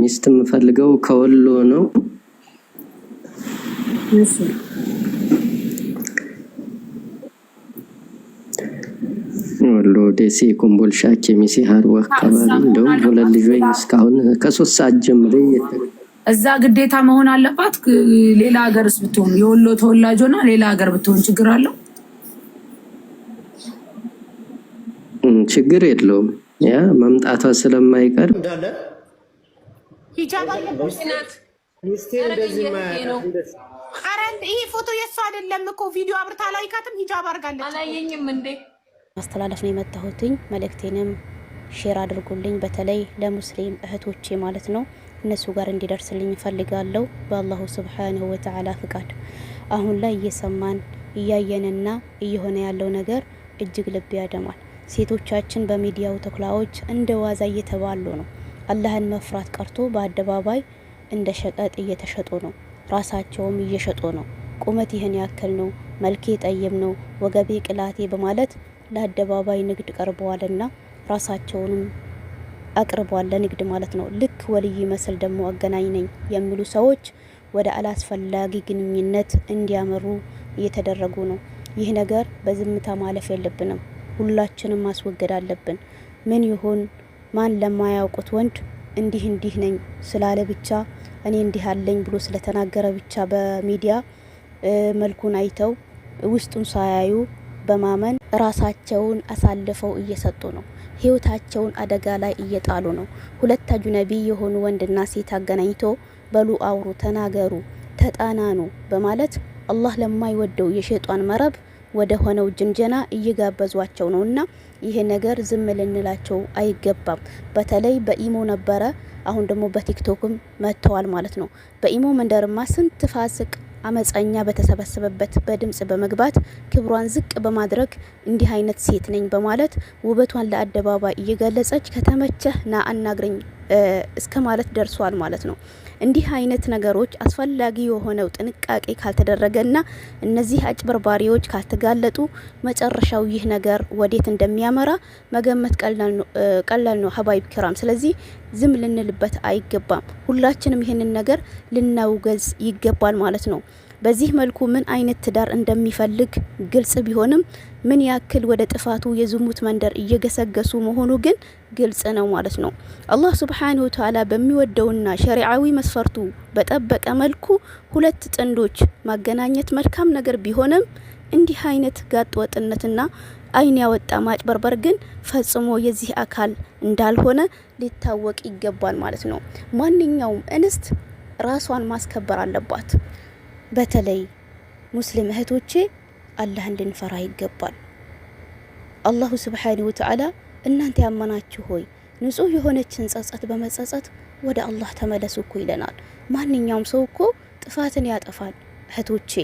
ሚስት የምፈልገው ከወሎ ነው። ወሎ ደሴ፣ ኮምቦልሻ፣ ኬሚሴ፣ ሀርዋ አካባቢ እንደውም ሁለት ልጆች እስካሁን ከሶስት ሰዓት ጀምሬ እዛ ግዴታ መሆን አለባት። ሌላ ሀገርስ ብትሆን የወሎ ተወላጅ ሆና ሌላ ሀገር ብትሆን ችግር አለው? ችግር የለውም። ያ መምጣቷ ስለማይቀር ሂጃብ ይሄ ፎቶ የእሱ አይደለም እኮ ቪዲዮ አብርታ ላይካትም ሂጃብ አድርጋለች። አላየኝም እንዴ? ማስተላለፍ ነው የመጣሁትኝ። መልእክቴንም ሼር አድርጉልኝ፣ በተለይ ለሙስሊም እህቶቼ ማለት ነው። እነሱ ጋር እንዲደርስልኝ እፈልጋለሁ። በአላሁ ስብሓንሁ ወተዓላ ፍቃድ አሁን ላይ እየሰማን እያየንና እየሆነ ያለው ነገር እጅግ ልብ ያደማል። ሴቶቻችን በሚዲያው ተኩላዎች እንደ ዋዛ እየተባሉ ነው። አላህን መፍራት ቀርቶ በአደባባይ እንደ ሸቀጥ እየተሸጡ ነው። ራሳቸውም እየሸጡ ነው። ቁመት ይህን ያክል ነው፣ መልኬ ጠይም ነው፣ ወገቤ ቅላቴ በማለት ለአደባባይ ንግድ ቀርበዋልና ራሳቸውንም አቅርቧል ለንግድ ማለት ነው። ልክ ወልይ መስል ደግሞ አገናኝ ነኝ የሚሉ ሰዎች ወደ አላስፈላጊ ግንኙነት እንዲያመሩ እየተደረጉ ነው። ይህ ነገር በዝምታ ማለፍ የለብንም። ሁላችንም ማስወገድ አለብን። ምን ይሁን ማን ለማያውቁት ወንድ እንዲህ እንዲህ ነኝ ስላለ ብቻ እኔ እንዲህ አለኝ ብሎ ስለተናገረ ብቻ በሚዲያ መልኩን አይተው ውስጡን ሳያዩ በማመን ራሳቸውን አሳልፈው እየሰጡ ነው። ህይወታቸውን አደጋ ላይ እየጣሉ ነው። ሁለት አጅነቢ የሆኑ ወንድና ሴት አገናኝቶ በሉ፣ አውሩ፣ ተናገሩ፣ ተጣናኑ በማለት አላህ ለማይወደው የሸጧን መረብ ወደ ሆነው ጅንጀና እየጋበዟቸው ነው እና ይሄ ነገር ዝም ልንላቸው አይገባም። በተለይ በኢሞ ነበረ፣ አሁን ደግሞ በቲክቶክም መጥተዋል ማለት ነው። በኢሞ መንደርማ ስንት ፋስቅ አመፀኛ በተሰበሰበበት በድምጽ በመግባት ክብሯን ዝቅ በማድረግ እንዲህ አይነት ሴት ነኝ በማለት ውበቷን ለአደባባይ እየገለጸች ከተመቸህ ና አናግረኝ እስከ ማለት ደርሷል ማለት ነው። እንዲህ አይነት ነገሮች አስፈላጊ የሆነው ጥንቃቄ ካልተደረገና እነዚህ አጭበርባሪዎች ካልተጋለጡ መጨረሻው ይህ ነገር ወዴት እንደሚያመራ መገመት ቀላል ነው። ሀባይብ ክራም፣ ስለዚህ ዝም ልንልበት አይገባም። ሁላችንም ይህንን ነገር ልናውገዝ ይገባል ማለት ነው። በዚህ መልኩ ምን አይነት ትዳር እንደሚፈልግ ግልጽ ቢሆንም ምን ያክል ወደ ጥፋቱ የዝሙት መንደር እየገሰገሱ መሆኑ ግን ግልጽ ነው ማለት ነው። አላህ ስብሓንሁ ወተዓላ በሚወደውና ሸሪዓዊ መስፈርቱ በጠበቀ መልኩ ሁለት ጥንዶች ማገናኘት መልካም ነገር ቢሆንም እንዲህ አይነት ጋጥ ወጥነትና አይን ያወጣ ማጭበርበር ግን ፈጽሞ የዚህ አካል እንዳልሆነ ሊታወቅ ይገባል ማለት ነው። ማንኛውም እንስት ራሷን ማስከበር አለባት። በተለይ ሙስሊም እህቶቼ አላህን ልንፈራ ይገባል። አላሁ ስብሓነሁ ወተዓላ እናንተ ያመናችሁ ሆይ ንጹህ የሆነችን ጸጸት በመጸጸት ወደ አላህ ተመለሱ እኮ ይለናል። ማንኛውም ሰው እኮ ጥፋትን ያጠፋል እህቶቼ።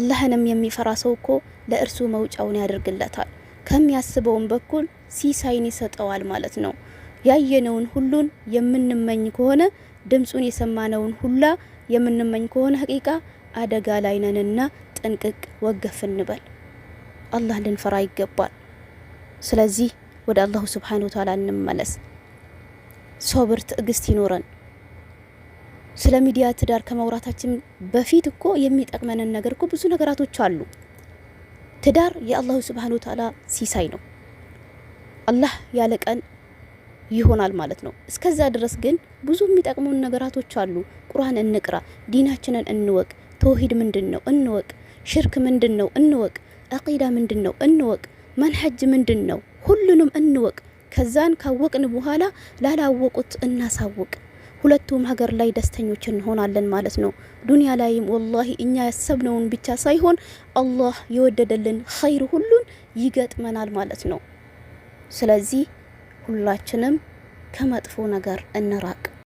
አላህንም የሚፈራ ሰው እኮ ለእርሱ መውጫውን ያደርግለታል፣ ከሚያስበውን በኩል ሲሳይን ይሰጠዋል ማለት ነው። ያየነውን ሁሉን የምንመኝ ከሆነ ድምፁን የሰማነውን ሁላ የምንመኝ ከሆነ ሀቂቃ አደጋ ላይ ነንና ጥንቅቅ ወገፍ እንበል። አላህ ልንፈራ ይገባል። ስለዚህ ወደ አላሁ ስብሓነ ወተዓላ እንመለስ። ሶብር፣ ትዕግስት ይኖረን። ስለ ሚዲያ ትዳር ከመውራታችን በፊት እኮ የሚጠቅመንን ነገር እኮ ብዙ ነገራቶች አሉ። ትዳር የአላሁ ስብሓነ ወተዓላ ሲሳይ ነው። አላህ ያለ ቀን ይሆናል ማለት ነው። እስከዛ ድረስ ግን ብዙ የሚጠቅሙን ነገራቶች አሉ። ቁርአን እንቅራ፣ ዲናችንን እንወቅ። ተውሂድ ምንድን ነው እንወቅ። ሽርክ ምንድን ነው እንወቅ። አቂዳ ምንድን ነው እንወቅ። መንሐጅ ምንድን ነው ሁሉንም እንወቅ። ከዛን ካወቅን በኋላ ላላወቁት እናሳውቅ። ሁለቱም ሀገር ላይ ደስተኞች እንሆናለን ማለት ነው። ዱንያ ላይም ወላሂ እኛ ያሰብነውን ብቻ ሳይሆን አላህ የወደደልን ኸይር ሁሉን ይገጥመናል ማለት ነው። ስለዚህ ሁላችንም ከመጥፎ ነገር እንራቅ።